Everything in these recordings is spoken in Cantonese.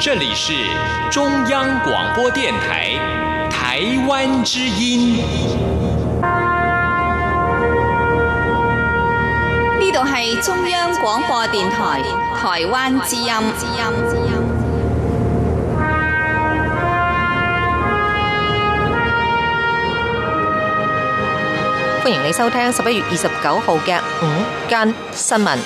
這裡是中央廣播電台，台灣之音。呢度係中央廣播電台，台灣之音。歡迎你收聽十一月二十九號嘅午間新聞。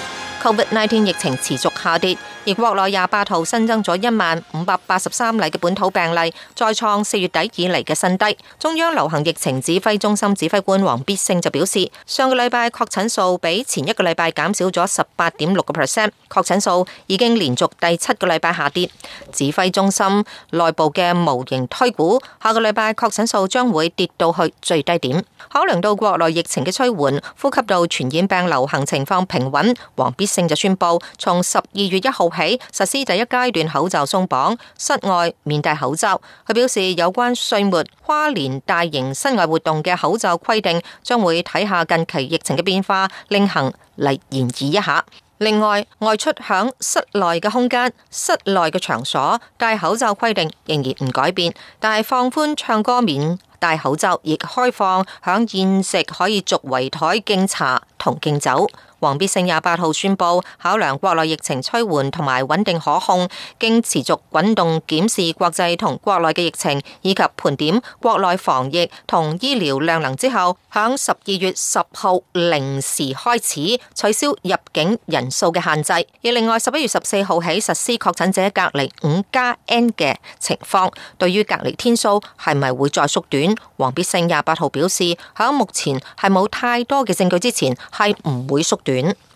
COVID-19 疫情持續下跌。而國內廿八號新增咗一萬五百八十三例嘅本土病例，再創四月底以嚟嘅新低。中央流行疫情指揮中心指揮官王必勝就表示，上個禮拜確診數比前一個禮拜減少咗十八點六個 percent，確診數已經連續第七個禮拜下跌。指揮中心內部嘅模型推估，下個禮拜確診數將會跌到去最低點。考量到國內疫情嘅趨緩，呼吸道傳染病流行情況平穩，王必勝就宣布從十二月一號起實施第一階段口罩鬆綁，室外免戴口罩。佢表示有關歲末跨年大型室外活動嘅口罩規定，將會睇下近期疫情嘅變化，另行嚟研議一下。另外，外出響室內嘅空間、室內嘅場所戴口罩規定仍然唔改變，但係放寬唱歌免戴口罩，亦開放響宴席可以續圍台敬茶同敬酒。王必勝廿八號宣布，考量國內疫情趨緩同埋穩定可控，經持續滾動檢視國際同國內嘅疫情，以及盤點國內防疫同醫療量能之後，響十二月十號零時開始取消入境人數嘅限制。而另外，十一月十四號起實施確診者隔離五加 N 嘅情況，對於隔離天數係咪會再縮短？王必勝廿八號表示，響目前係冇太多嘅證據之前，係唔會縮短。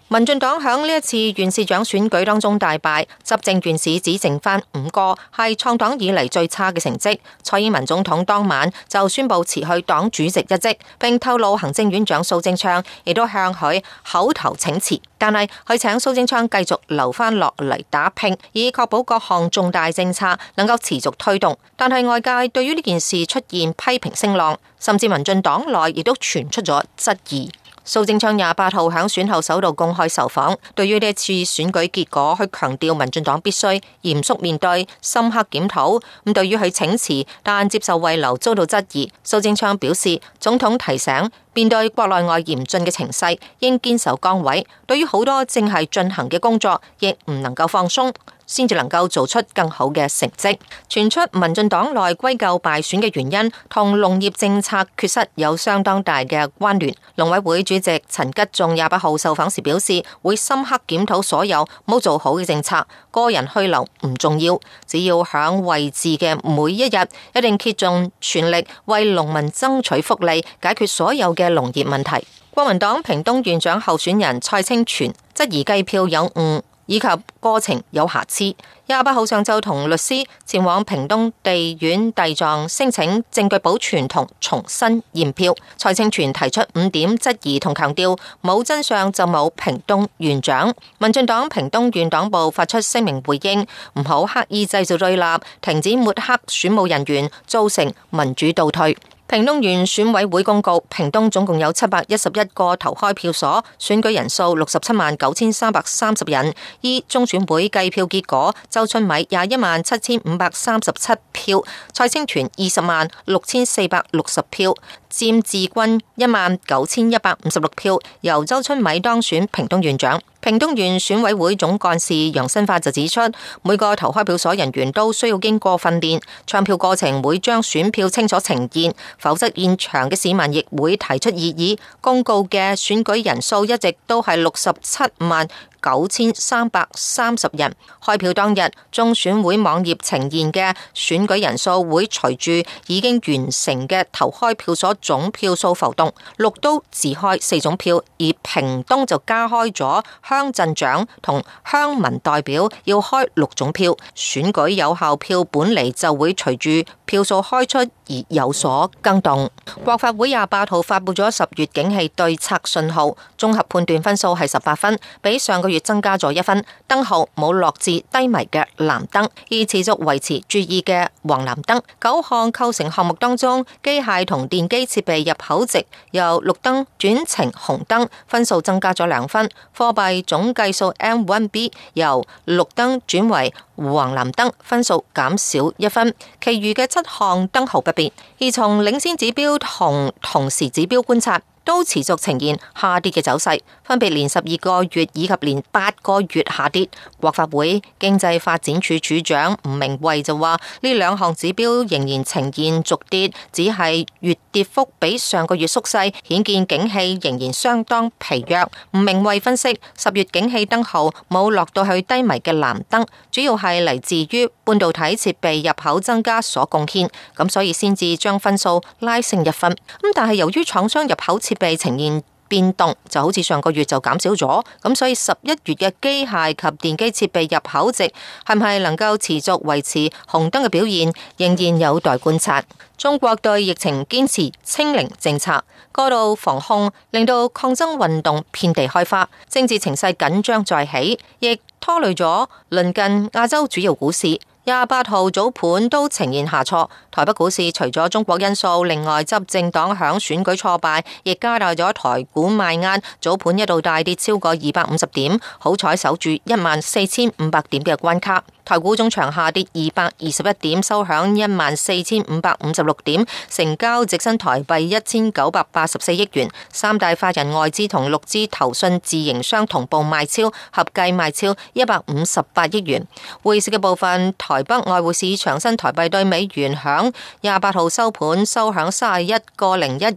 民進黨響呢一次縣市長選舉當中大敗，執政縣市只剩翻五個，係創黨以嚟最差嘅成績。蔡英文總統當晚就宣布辭去黨主席一職，並透露行政院長蘇貞昌亦都向佢口頭請辭，但係佢請蘇貞昌繼續留翻落嚟打拼，以確保各項重大政策能夠持續推動。但係外界對於呢件事出現批評聲浪，甚至民進黨內亦都傳出咗質疑。蘇貞昌廿八號喺選後首度公開受訪，對於呢次選舉結果，佢強調民進黨必須嚴肅面對、深刻檢討。咁對於佢請辭，但接受慰留遭到質疑，蘇貞昌表示，總統提醒面對國內外嚴峻嘅情勢，應堅守崗位，對於好多正係進行嘅工作，亦唔能夠放鬆，先至能夠做出更好嘅成績。傳出民進黨內歸咎敗選嘅原因，同農業政策缺失有相當大嘅關聯。農委會主席陳吉仲廿八號受訪時表示，會深刻檢討所有冇做好嘅政策。個人去留唔重要，只要響位置嘅每一日，一定竭盡全力為農民爭取福利，解決所有嘅農業問題。國民黨屏東縣長候選人蘇清泉質疑計票有誤。以及過程有瑕疵。廿八號上晝同律師前往屏東地院遞狀申請證據保存同重新驗票。蘇清泉提出五點質疑同強調，冇真相就冇屏東縣長。民進黨屏東縣黨部發出聲明回應，唔好刻意製造對立，停止抹黑選務人員，造成民主倒退。屏東縣選委會公告，屏東總共有七百一十一個投開票所，選舉人數六十七萬九千三百三十人。依中選會計票結果，周春米廿一萬七千五百三十七票，蘇清泉二十萬六千四百六十票。占志軍一萬九千一百五十六票，由周春米當選屏東縣長。屏東縣選委會總幹事楊新發就指出，每個投開票所人員都需要經過訓練，唱票過程會將選票清楚呈現，否則現場嘅市民亦會提出異議。公告嘅選舉人數一直都係六十七萬。九千三百三十人開票當日，中選會網頁呈現嘅選舉人數會隨住已經完成嘅投開票所總票數浮動。六都自開四種票，而屏東就加開咗鄉鎮長同鄉民代表，要開六種票。選舉有效票本嚟就會隨住票數開出而有所更動。國發會廿八號發佈咗十月景氣對策信號，綜合判斷分數係十八分，比上個月，增加咗一分，燈號冇落至低迷嘅藍燈，而持續維持注意嘅黃藍燈。九項構成項目當中，機械同電機設備入口值由綠燈轉成紅燈，分數增加咗兩分；貨幣總計數 M1B 由綠燈轉為黃藍燈，分數減少一分。其餘嘅七項燈號不變。而從領先指標同同時指標觀察，都持續呈現下跌嘅走勢，分別連十二個月以及連八個月下跌。國發會經濟發展處處長吳明慧就話：呢兩項指標仍然呈現續跌，只係月跌幅比上個月縮細，顯見景氣仍然相當疲弱。吳明慧分析，十月景氣燈號冇落到去低迷嘅藍燈，主要係嚟自於半導體設備入口增加所貢獻，咁所以先至將分數拉升一分。咁但係由於廠商入口設被呈現變動，就好似上個月就減少咗，咁所以十一月嘅機械及電機設備入口值係唔係能夠持續維持紅燈嘅表現，仍然有待觀察。中國對疫情堅持清零政策，過度防控令到抗爭運動遍地開花，政治情勢緊張再起，亦拖累咗鄰近亞洲主要股市。廿八號早盤都呈現下挫，台北股市除咗中國因素，另外執政黨響選舉挫敗，亦加大咗台股賣壓，早盤一度大跌超過二百五十點，好彩守住一萬四千五百點嘅關卡。台股終場下跌二百二十一點，收響一萬四千五百五十六點，成交值新台幣一千九百八十四億元。三大法人外資同六支投信自營商同步賣超，合計賣超一百五十八億元。匯市嘅部分，台北外匯市場新台幣兌美元，響廿八號收盤收響三十一個零一二，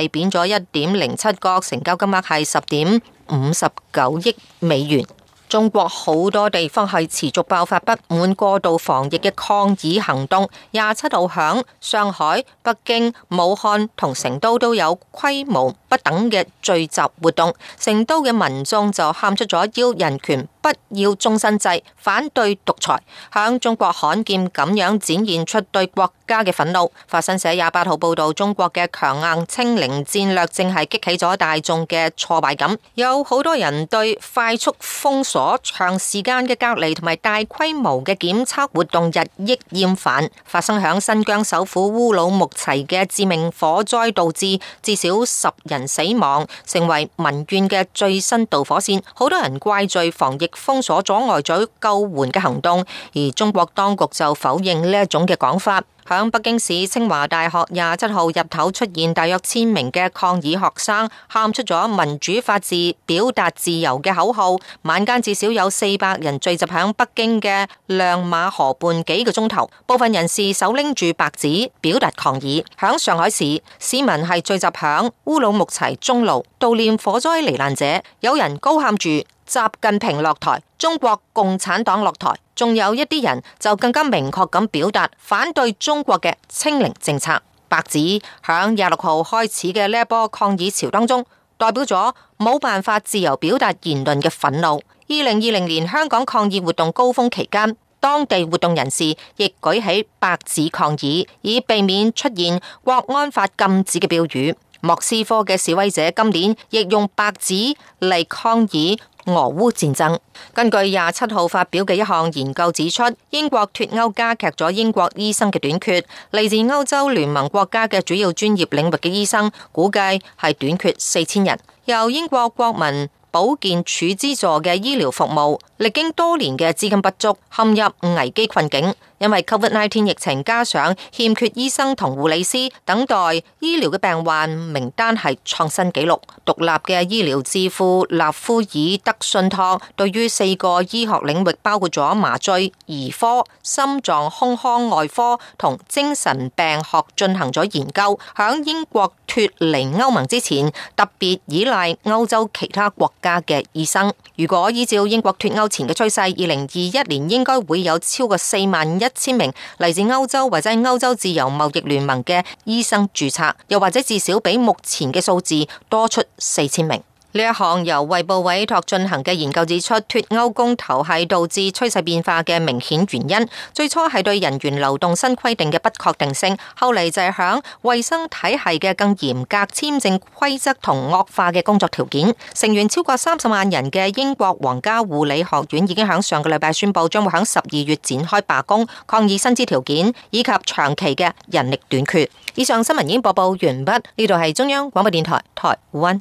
係貶咗一點零七角，成交金額係十點五十九億美元。中國好多地方係持續爆發不滿過度防疫嘅抗議行動，廿七號響上海、北京、武漢同成都都有規模不等嘅聚集活動。成都嘅民眾就喊出咗要人權。不要終身制，反對獨裁，響中國罕見咁樣展現出對國家嘅憤怒。法新社廿八號報道，中國嘅強硬清零戰略正係激起咗大眾嘅挫敗感，有好多人對快速封鎖、長時間嘅隔離同埋大規模嘅檢測活動日益厭煩。發生響新疆首府烏魯木齊嘅致命火災導致至少十人死亡，成為民怨嘅最新導火線，好多人怪罪防疫。封鎖阻礙咗救援嘅行動，而中國當局就否認呢一種嘅講法。響北京市清華大學廿七號入口出現大約千名嘅抗議學生，喊出咗民主法治、表達自由嘅口號。晚間至少有四百人聚集響北京嘅亮馬河畔幾個鐘頭，部分人士手拎住白紙表達抗議。響上海市，市民係聚集響烏魯木齊中路悼念火災罹難者，有人高喊住。習近平落台，中國共產黨落台，仲有一啲人就更加明確咁表達反對中國嘅清零政策。白紙響廿六號開始嘅呢一波抗議潮當中，代表咗冇辦法自由表達言論嘅憤怒。二零二零年香港抗議活動高峰期間，當地活動人士亦舉起白紙抗議，以避免出現國安法禁止嘅標語。莫斯科嘅示威者今年亦用白紙嚟抗議俄烏戰爭。根據廿七號發表嘅一項研究指出，英國脫歐加劇咗英國醫生嘅短缺。嚟自歐洲聯盟國家嘅主要專業領域嘅醫生，估計係短缺四千人。由英國國民保健署資助嘅醫療服務，歷經多年嘅資金不足，陷入危機困境。因為 Covid-19 疫情加上欠缺醫生同護理師，等待醫療嘅病患名單係創新紀錄。獨立嘅醫療智庫納夫爾德信託對於四個醫學領域，包括咗麻醉、兒科、心臟胸腔外科同精神病學進行咗研究。響英國脱離歐盟之前，特別依賴歐洲其他國家嘅醫生。如果依照英國脱歐前嘅趨勢，二零二一年應該會有超過四萬一。一千名嚟自歐洲或者歐洲自由貿易聯盟嘅醫生註冊，又或者至少比目前嘅數字多出四千名。呢一項由衛報委託進行嘅研究指出，脫歐公投係導致趨勢變化嘅明顯原因。最初係對人員流動新規定嘅不確定性，後嚟就係響衛生體系嘅更嚴格簽證規則同惡化嘅工作條件。成員超過三十萬人嘅英國皇家護理學院已經響上個禮拜宣佈，將會響十二月展開罷工，抗議薪資條件以及長期嘅人力短缺。以上新聞已經播報完畢，呢度係中央廣播電台台灣。